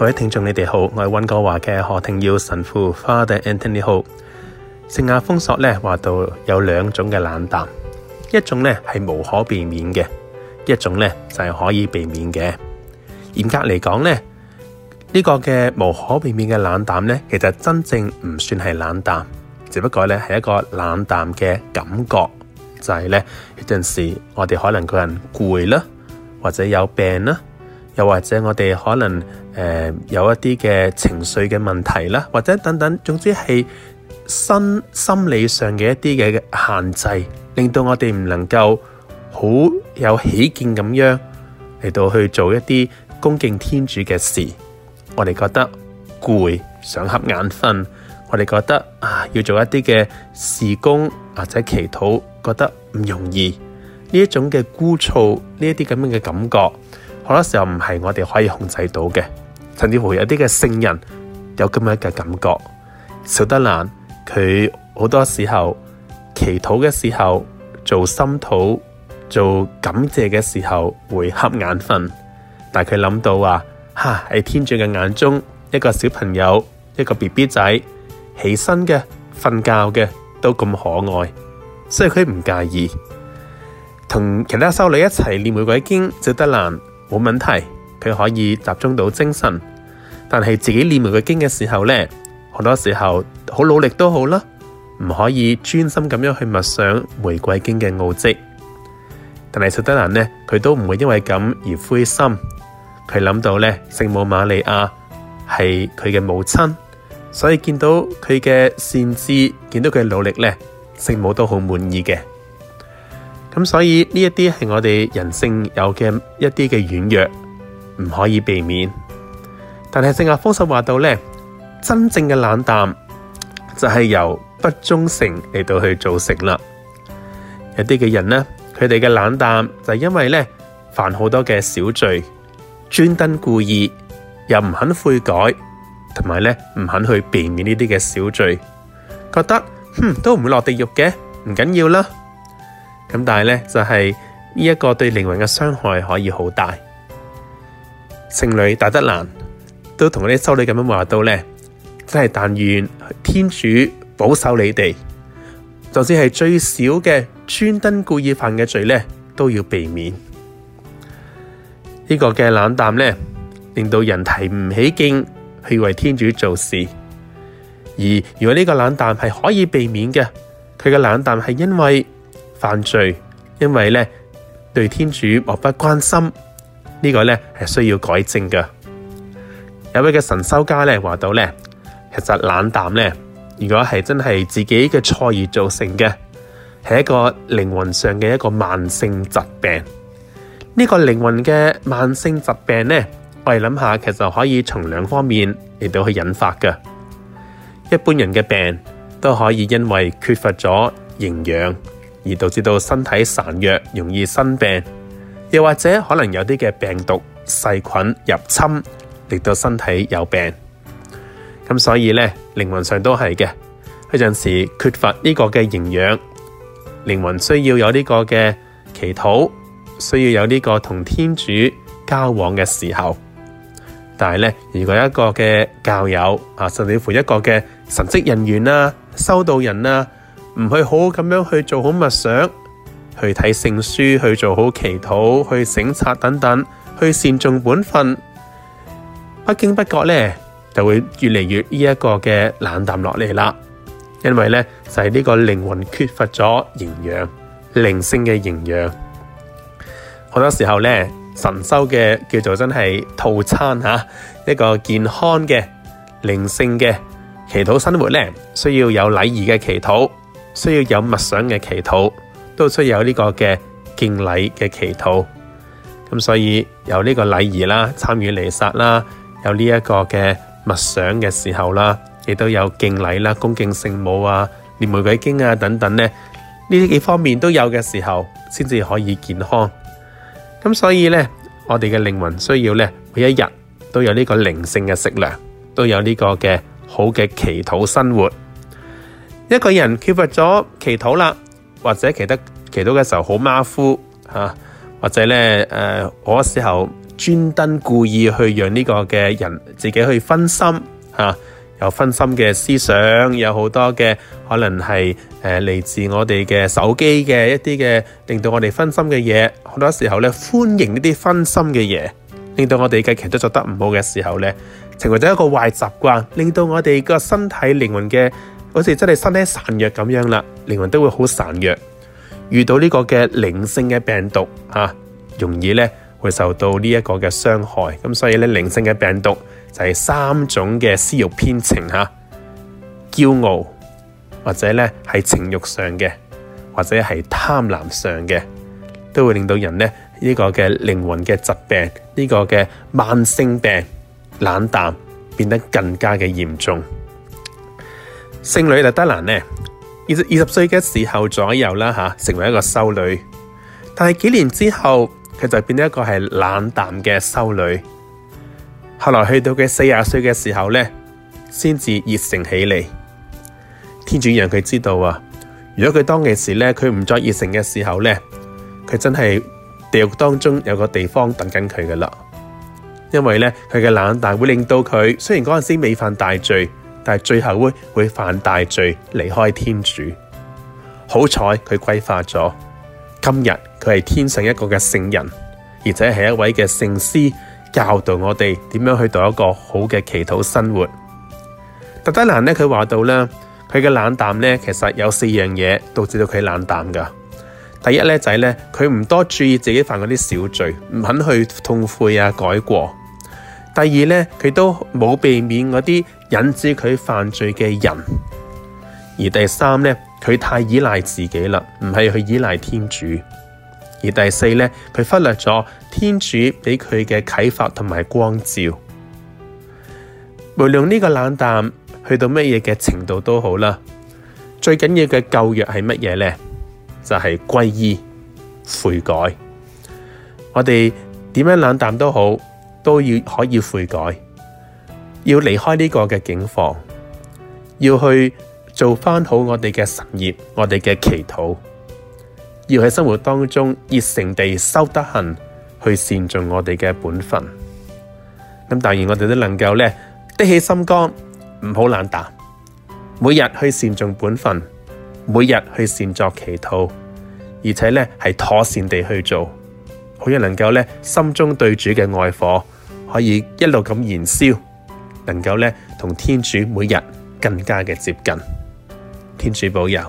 各位聽眾，你哋好，我係溫哥華嘅何廷耀神父 Father Anthony。好，聖亞封索呢話到有兩種嘅冷淡，一種呢係無可避免嘅，一種呢就係可以避免嘅。嚴格嚟講呢，呢個嘅無可避免嘅冷淡呢，其實真正唔算係冷淡，只不過呢係一個冷淡嘅感覺，就係呢，有陣時我哋可能個人攰啦，或者有病啦。又或者我哋可能誒、呃，有一啲嘅情緒嘅問題啦，或者等等，總之係心心理上嘅一啲嘅限制，令到我哋唔能夠好有喜見咁樣嚟到去做一啲恭敬天主嘅事。我哋覺得攰，想瞌眼瞓。我哋覺得啊，要做一啲嘅事工或者祈禱，覺得唔容易。呢一種嘅枯燥，呢一啲咁樣嘅感覺。好多時候唔係我哋可以控制到嘅，甚至乎有啲嘅聖人有咁樣嘅感覺。小德蘭佢好多時候祈禱嘅時候做心禱，做感謝嘅時候會瞌眼瞓，但佢諗到話吓，喺天主嘅眼中，一個小朋友、一個 BB 仔起身嘅瞓覺嘅都咁可愛，所以佢唔介意同其他修女一齊念《玫瑰經》。小德蘭。冇問題，佢可以集中到精神。但係自己念玫瑰經嘅時候咧，好多時候好努力都好啦，唔可以專心咁樣去默想玫瑰經嘅奧跡。但係實德蘭咧，佢都唔會因為咁而灰心。佢諗到咧，聖母瑪利亞係佢嘅母親，所以見到佢嘅善知，見到佢嘅努力咧，聖母都好滿意嘅。咁所以呢一啲係我哋人性有嘅一啲嘅軟弱，唔可以避免。但係聖亞福音話到呢，真正嘅冷淡就係、是、由不忠誠嚟到去造成啦。有啲嘅人呢，佢哋嘅冷淡就係因為呢，犯好多嘅小罪，專登故意又唔肯悔改，同埋呢唔肯去避免呢啲嘅小罪，覺得哼、嗯、都唔會落地獄嘅，唔緊要啦。咁但係呢，就係呢一個對靈魂嘅傷害可以好大。聖女大德蘭都同嗰啲修女咁樣話到呢，真係但願天主保守你哋，就算係最少嘅專登故意犯嘅罪呢，都要避免。呢個嘅冷淡呢，令到人提唔起勁去為天主做事。而如果呢個冷淡係可以避免嘅，佢嘅冷淡係因為犯罪，因為咧對天主漠不關心、這個、呢個咧係需要改正噶。有一位嘅神修家咧話到咧，其實冷淡咧，如果係真係自己嘅錯而造成嘅，係一個靈魂上嘅一個慢性疾病。呢、這個靈魂嘅慢性疾病咧，我哋諗下，其實可以從兩方面嚟到去引發噶。一般人嘅病都可以因為缺乏咗營養。而導致到身體孱弱，容易生病，又或者可能有啲嘅病毒細菌入侵，令到身體有病。咁所以呢，靈魂上都係嘅，有陣時缺乏呢個嘅營養，靈魂需要有呢個嘅祈禱，需要有呢個同天主交往嘅時候。但係呢，如果一個嘅教友啊，甚至乎一個嘅神職人員啦、啊、修道人啦、啊，唔去好好咁樣去做好默想，去睇聖書，去做好祈禱，去省察等等，去善盡本分，不經不覺咧就會越嚟越呢一個嘅冷淡落嚟啦。因為咧就係、是、呢個靈魂缺乏咗營養，靈性嘅營養。好多時候咧，神修嘅叫做真係套餐吓，一個健康嘅靈性嘅祈禱生活咧，需要有禮儀嘅祈禱。需要有默想嘅祈禱，都需要有呢個嘅敬禮嘅祈禱。咁所以有呢個禮儀啦，參與彌撒啦，有呢一個嘅默想嘅時候啦，亦都有敬禮啦，恭敬聖母啊，念玫瑰經啊等等咧，呢幾方面都有嘅時候，先至可以健康。咁所以呢，我哋嘅靈魂需要呢，每一日都有呢個靈性嘅食糧，都有呢個嘅好嘅祈禱生活。一個人缺乏咗祈禱啦，或者祈得祈禱嘅時候好馬虎嚇，或者咧誒好多時候專登故意去讓呢個嘅人自己去分心嚇、啊，有分心嘅思想，有好多嘅可能係誒嚟自我哋嘅手機嘅一啲嘅令到我哋分心嘅嘢。好多時候咧，歡迎呢啲分心嘅嘢，令到我哋嘅祈禱做得唔好嘅時候咧，成為咗一個壞習慣，令到我哋個身體靈魂嘅。好似真係身體孱弱咁樣啦，靈魂都會好孱弱，遇到呢個嘅靈性嘅病毒吓、啊，容易咧會受到呢一個嘅傷害。咁所以咧靈性嘅病毒就係三種嘅私欲偏情吓，驕、啊、傲或者咧係情欲上嘅，或者係貪婪上嘅，都會令到人咧呢、這個嘅靈魂嘅疾病，呢、這個嘅慢性病冷淡變得更加嘅嚴重。聖女特德蘭呢，二十二十歲嘅時候左右啦吓、啊，成為一個修女。但係幾年之後，佢就變咗一個係冷淡嘅修女。後來去到佢四十歲嘅時候咧，先至熱誠起嚟。天主讓佢知道啊，如果佢當其時咧，佢唔再熱誠嘅時候咧，佢真係地獄當中有個地方等緊佢噶啦。因為咧，佢嘅冷淡會令到佢，雖然嗰陣時未犯大罪。但係最後會會犯大罪，離開天主。好彩佢歸化咗，今日佢係天上一個嘅聖人，而且係一位嘅聖師，教導我哋點樣去度一個好嘅祈禱生活。特德蘭咧，佢話到啦，佢嘅冷淡咧，其實有四樣嘢導致到佢冷淡噶。第一咧就係、是、咧，佢唔多注意自己犯嗰啲小罪，唔肯去痛悔啊改過。第二呢，佢都冇避免嗰啲引致佢犯罪嘅人；而第三呢，佢太依賴自己啦，唔係去依賴天主；而第四呢，佢忽略咗天主俾佢嘅啟發同埋光照。無論呢個冷淡去到乜嘢嘅程度都好啦，最緊要嘅救藥係乜嘢呢？就係、是、歸依悔改。我哋點樣冷淡都好。都要可以悔改，要離開呢個嘅境況，要去做翻好我哋嘅神業，我哋嘅祈禱，要喺生活當中熱誠地修德行，去善盡我哋嘅本分。咁當然我哋都能夠呢，的起心肝，唔好懶惰，每日去善盡本分，每日去善作祈禱，而且呢係妥善地去做。好，像能夠咧，心中對主嘅愛火可以一路咁燃燒，能夠咧同天主每日更加嘅接近。天主保佑。